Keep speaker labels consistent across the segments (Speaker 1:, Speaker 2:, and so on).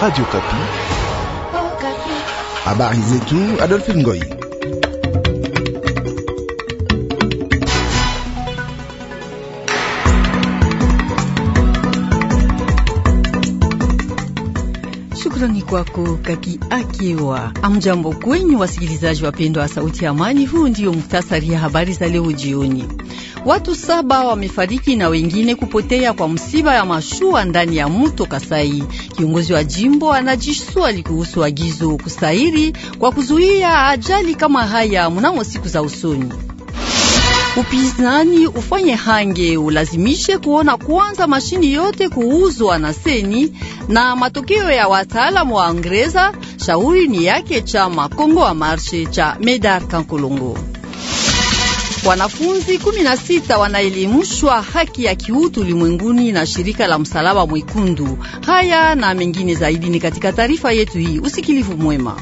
Speaker 1: Radio oh, Kapi. Habari zetu Adolphe Ngoi.
Speaker 2: Shukrani kwako Kaki Akiwa. Amjambo kwenyu wasikilizaji wapendwa wa Sauti ya Amani, huu ndio muktasari ya habari za leo jioni. Watu saba wamefariki na wengine kupotea kwa msiba ya mashua ndani ya mto Kasai. Kiongozi wa jimbo anajiswali kuhusu agizo kusairi kwa kuzuia ajali kama haya mnamo siku za usoni. Upinzani ufanye hange ulazimishe kuona kwanza mashini yote kuuzwa na seni na matokeo ya wataalamu wa Angreza. Shauri ni yake chama Kongo wa Marshe cha Medar Kankolongo. Wanafunzi 16 wanaelimishwa haki ya kiutu ulimwenguni na shirika la Msalaba Mwekundu. Haya na mengine zaidi ni katika taarifa yetu hii. Usikilivu mwema.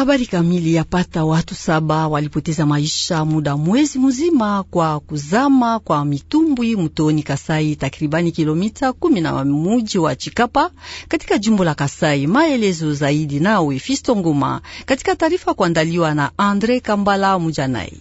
Speaker 2: Habari kamili yapata watu saba walipoteza maisha muda mwezi mzima kwa kuzama kwa mitumbwi mtoni Kasai, takribani kilomita kumi na muji wa Chikapa katika jimbo la Kasai. Maelezo zaidi nawe Fisto Nguma katika taarifa kuandaliwa na Andre Kambala Mujanai.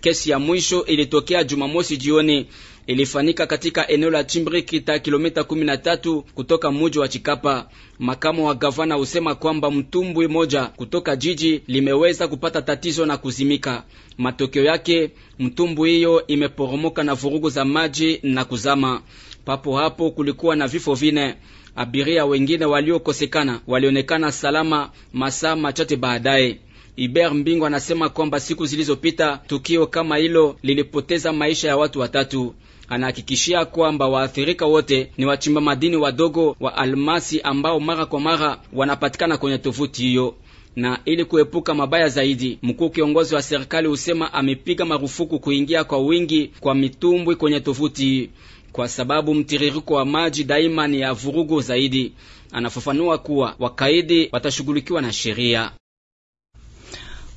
Speaker 3: Kesi ya mwisho ilitokea Jumamosi jioni ilifanyika katika eneo la kita kilomita 13 kutoka muji wa Chikapa. Makamu wa gavana husema kwamba mtumbwi moja kutoka jiji limeweza kupata tatizo na kuzimika. Matokeo yake mtumbwi hiyo imeporomoka na vurugu za maji na kuzama. Papo hapo kulikuwa na vifo vine. Abiria wengine waliokosekana walionekana salama masaa machache baadaye. Iber Mbingo anasema kwamba siku zilizopita tukio kama hilo lilipoteza maisha ya watu watatu anahakikishia kwamba waathirika wote ni wachimba madini wadogo wa almasi ambao mara kwa mara wanapatikana kwenye tovuti hiyo na ili kuepuka mabaya zaidi, mkuu kiongozi wa serikali husema amepiga marufuku kuingia kwa wingi kwa mitumbwi kwenye tovuti, kwa sababu mtiririko wa maji daima ni ya vurugu zaidi. Anafafanua kuwa wakaidi watashughulikiwa na sheria.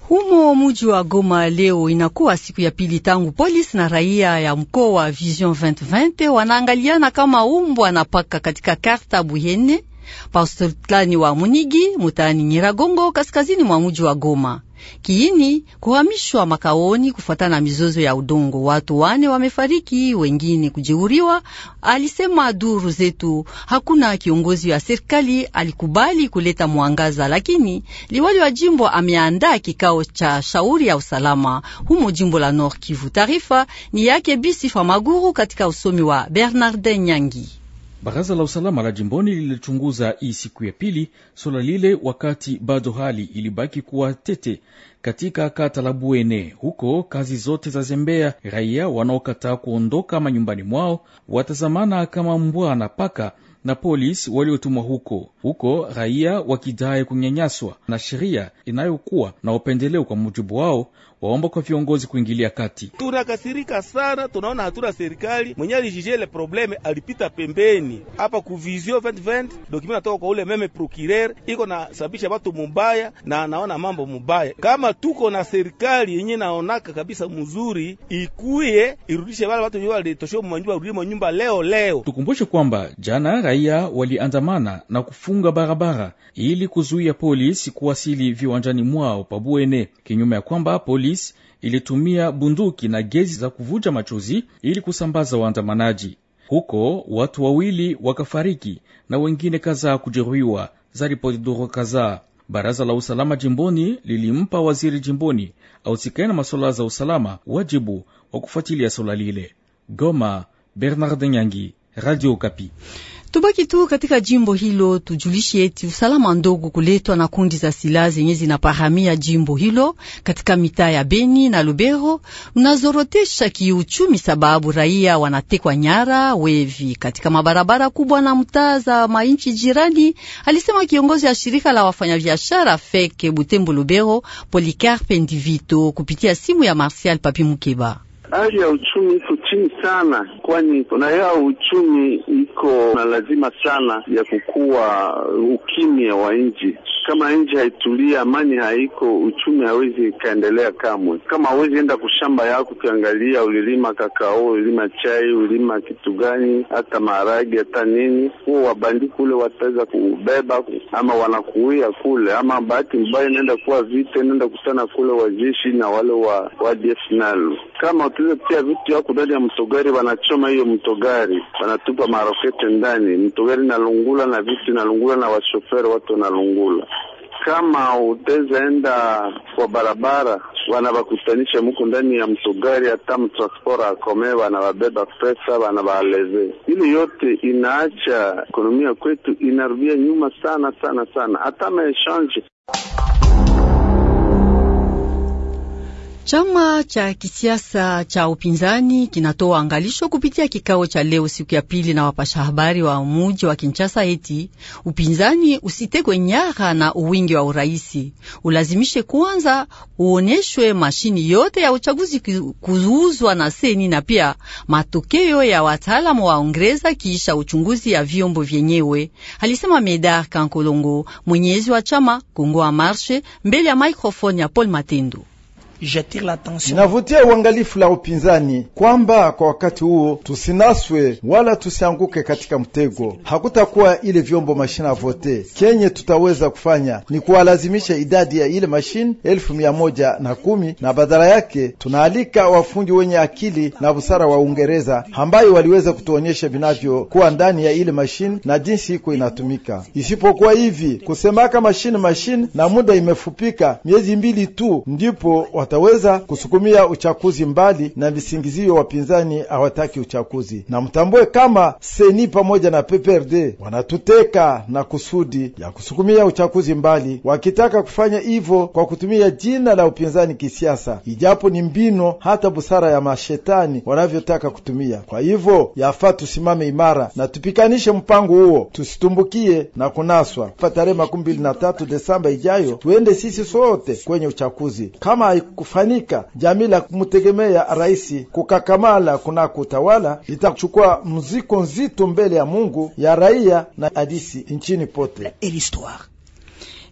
Speaker 2: Humo muji wa Goma leo inakuwa siku ya pili tangu polisi na raia ya mkoa wa Vision 2020 wanaangaliana kama umbwa na paka katika karta Buyene pasultani wa Munigi mutani Nyiragongo, kaskazini mwa muji wa Goma. Kiini kuhamishwa makaoni kufuatana na mizozo ya udongo. Watu wane wamefariki, wengine kujeuriwa, alisema duru zetu. Hakuna kiongozi wa serikali alikubali kuleta mwangaza, lakini liwali wa jimbo ameandaa kikao cha shauri ya usalama humo jimbo la Nord Kivu. Taarifa ni yake Bisi Famaguru katika usomi wa Bernardin Nyangi. Baraza la usalama
Speaker 4: la jimboni lilichunguza hii siku ya pili swala lile, wakati bado hali ilibaki kuwa tete katika kata la Buene. Huko kazi zote za zembea, raia wanaokataa kuondoka manyumbani mwao watazamana kama mbwa na paka na polisi waliotumwa huko huko, raia wakidai kunyanyaswa na sheria inayokuwa na upendeleo kwa mujibu wao, waomba kwa viongozi kuingilia kati. Tunakasirika sana, tunaona hatuna serikali mwenye alijije probleme alipita pembeni hapa ku vision 2020 natoka kwa ule meme procureur iko na sababisha watu mubaya na anaona mambo mubaya. Kama tuko na serikali yenye naonaka kabisa mzuri, ikuye irudishe wale watu wenyewe walitoshewa manyumba, warudie manyumba leo leo. Tukumbushe kwamba jana raia waliandamana na kufunga barabara ili kuzuia polisi kuwasili viwanjani mwao pabuene, kinyume ya kwamba polisi polisi ilitumia bunduki na gezi za kuvuja machozi ili kusambaza waandamanaji. Huko watu wawili wakafariki na wengine kadhaa kujeruhiwa, za ripoti duru kadhaa. Baraza la usalama jimboni lilimpa waziri jimboni ausikae na masuala za usalama wajibu wa kufuatilia
Speaker 2: swala lile. Goma, Bernard Nyangi, Radio Kapi. Tubaki tu katika jimbo hilo, tujulishe eti usalama ndogo kuletwa na kundi za silaha zenye zinapahamia jimbo hilo katika mitaa ya Beni na Lubero unazorotesha kiuchumi, sababu raia wanatekwa nyara wevi katika mabarabara kubwa na mtaa za mainchi jirani, alisema kiongozi ya shirika la wafanyabiashara Feke Butembo Lubero, Polikarpe Ndivito, kupitia simu ya Martial Papi Mukeba.
Speaker 1: Hali ya uchumi chini sana, kwani na uchumi iko na lazima sana ya kukua ukimya wa nchi. Kama nchi haitulia, amani haiko, uchumi hawezi ikaendelea kamwe. Kama hawezi enda kushamba yako, ukiangalia ulilima kakao, ulilima chai, ulilima kitu gani, hata maharage, hata nini, huo wabandi kule wataweza kubeba ama wanakuia kule, ama bahati mbaya inaenda kuwa vita, inaenda kutana kule wajeshi na wale wa wa Kama utaweza kutia vitu yako ndani ya mtogari, wanachoma hiyo mtogari, wanatupa marokete ndani mtogari, nalungula na vitu nalungula, na washoferi watu wanalungula kama utezaenda kwa barabara wanabakutanisha muku ndani ya mtugari, hata mtransport akome wanababeba pesa wanabaleve. Ile yote inaacha ekonomia kwetu inarudia nyuma sana sana sana, hata maeshange
Speaker 2: Chama cha kisiasa cha upinzani kinatoa angalisho kupitia kikao cha leo siku ya pili na wapasha habari wa muji wa Kinshasa eti upinzani usitekwe nyara na uwingi wa uraisi, ulazimishe kwanza uoneshwe mashini yote ya uchaguzi kuzuuzwa na seni na pia matokeo ya wataalamu wa Ongereza kiisha uchunguzi ya vyombo vyenyewe, alisema Medar Kankolongo, mwenyezi wa chama Kongo wa Marshe, mbele ya maikrofoni ya Paul matendo J'attire l'attention.
Speaker 1: Navutia uangalifu la upinzani kwamba kwa wakati huo tusinaswe wala tusianguke katika mtego. Hakutakuwa ile vyombo mashina vote. Kenye tutaweza kufanya ni kuwalazimisha idadi ya ile mashine elfu mia moja na kumi, na badala yake tunaalika wafundi wenye akili na busara wa Uingereza ambayo waliweza kutuonyesha vinavyokuwa ndani ya ile mashine na jinsi iko inatumika. Isipokuwa hivi kusemaka mashine mashine, na muda imefupika, miezi mbili tu ndipo wataweza kusukumia uchaguzi mbali na visingizio. Wapinzani hawataki uchaguzi, na mtambue kama seni pamoja na PPRD wanatuteka na kusudi ya kusukumia uchaguzi mbali, wakitaka kufanya hivyo kwa kutumia jina la upinzani kisiasa, ijapo ni mbino hata busara ya mashetani wanavyotaka kutumia. Kwa hivyo yafaa tusimame imara na tupikanishe mpango huo, tusitumbukie na kunaswa. Kufuata tarehe na tatu Desemba ijayo, tuende sisi sote kwenye uchaguzi kama kufanyika, jamii la kumtegemea raisi kukakamala kuna kutawala litachukua mziko nzito mbele ya Mungu ya raia na hadisi nchini pote.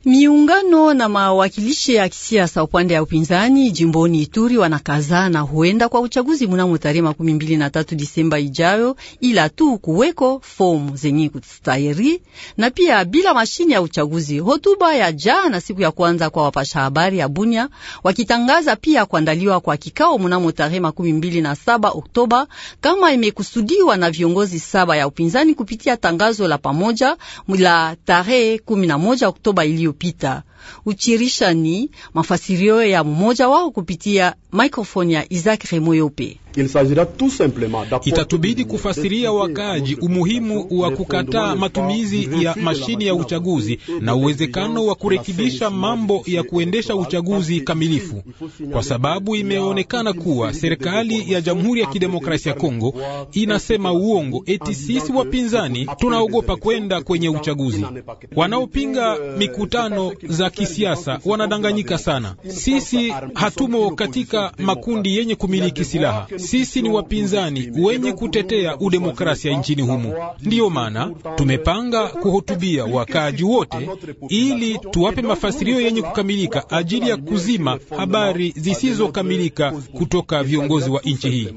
Speaker 2: Miungano na mawakilishi ya kisiasa upande ya upinzani jimboni Ituri wanakaza na huenda kwa uchaguzi mnamo tarehe makumi mbili na tatu Disemba ijayo, ila tu kuweko fomu zenye kustahiri na pia bila mashini ya uchaguzi. Hotuba ya jana siku ya kwanza kwa wapasha habari ya Bunya wakitangaza pia kuandaliwa kwa kikao mnamo tarehe makumi mbili na saba Oktoba kama imekusudiwa na viongozi saba ya upinzani kupitia tangazo la pamoja la tarehe kumi na moja Oktoba iliyo iliyopita. Uchirishani mafasirio ya mmoja wao kupitia maikrofoni ya Isaac Remoyope.
Speaker 4: Itatubidi kufasiria wakaaji umuhimu wa kukataa matumizi ya mashine ya uchaguzi na uwezekano wa kurekebisha mambo ya kuendesha uchaguzi kamilifu, kwa sababu imeonekana kuwa serikali ya Jamhuri ya Kidemokrasia ya Kongo inasema uongo eti sisi wapinzani tunaogopa kwenda kwenye uchaguzi. Wanaopinga euh, mikutano za kisiasa wanadanganyika sana. Sisi hatumo katika makundi yenye kumiliki silaha. Sisi ni wapinzani wenye kutetea udemokrasia nchini humo ndiyo maana tumepanga kuhutubia wakaaji wote ili tuwape mafasirio yenye kukamilika ajili ya kuzima habari zisizokamilika kutoka viongozi wa nchi hii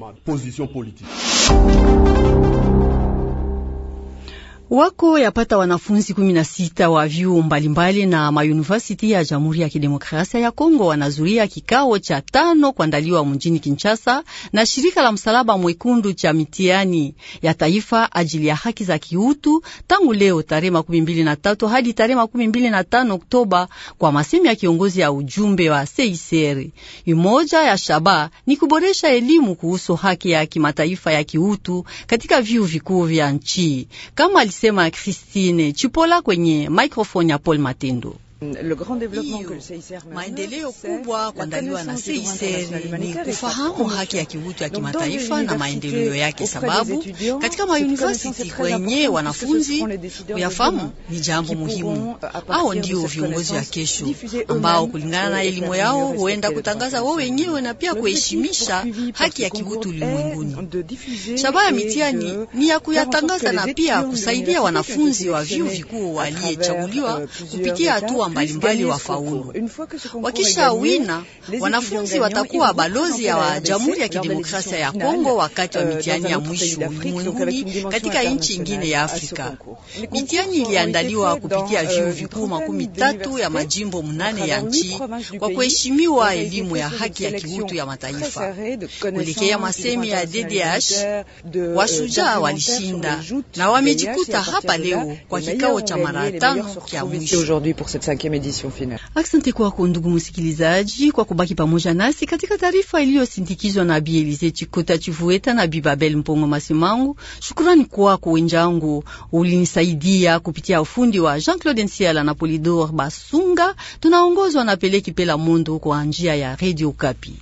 Speaker 2: wako yapata wanafunzi kumi na sita wa vyuo mbalimbali na mayunivasiti ya Jamhuri ya Kidemokrasia ya Kongo wanazuria kikao cha tano kuandaliwa mjini Kinshasa na shirika la Msalaba Mwekundu cha mitihani ya taifa ajili ya haki za kiutu tangu leo tarehe makumi mbili na tatu hadi tarehe makumi mbili na tano Oktoba, kwa masemi ya kiongozi ya ujumbe wa CICR. Imoja ya shaba ni kuboresha elimu kuhusu haki ya kimataifa ya kiutu katika vyuo vikuu vya nchi kama sema Christine Chipola kwenye microphone ya Paul Matendo. Maendeleo kubwa kuandaliwa na CICR ni kufahamu haki ya kiutu ya kimataifa na maendeleo yake, sababu katika mauniversity kwenye wanafunzi kuyafahamu ni jambo muhimu. Euh, Hao ndio viongozi wa kesho ambao kulingana na elimu yao huenda kutangaza wao wenyewe na pia kuheshimisha haki ya kiutu ulimwenguni. Shabaha ya mitihani ni ya kuyatangaza na pia kusaidia wanafunzi wa vyuo vikuu waliyechaguliwa euh, kupitia hatua mbalimbali wafaulu. Wakisha wina, wanafunzi watakuwa balozi ya Jamhuri ya Kidemokrasia ya Kongo wakati wa euh, mitihani ya mwisho ulimwenguni katika nchi ingine ya Afrika. Mitihani iliandaliwa kupitia vyuo euh, vikuu makumi tatu ya majimbo mnane ya nchi kwa kuheshimiwa elimu ya haki ya kiutu ya mataifa. Kuelekea masemi ya DDH, washujaa euh, walishinda na wamejikuta hapa leo kwa kikao cha mara tano kya mwisho cinquième edition finale. Asante kwako ndugu msikilizaji kwa kubaki pamoja nasi katika taarifa iliyosindikizwa na Bielize Chikota Chivueta na Bibabel Mpongo Masimangu. Shukrani kwako wenzangu, ulinisaidia kupitia ufundi wa Jean-Claude Nsiala na Polidor Basunga. Tunaongozwa na Peleki Pela Mondo kwa njia ya Radio Kapi.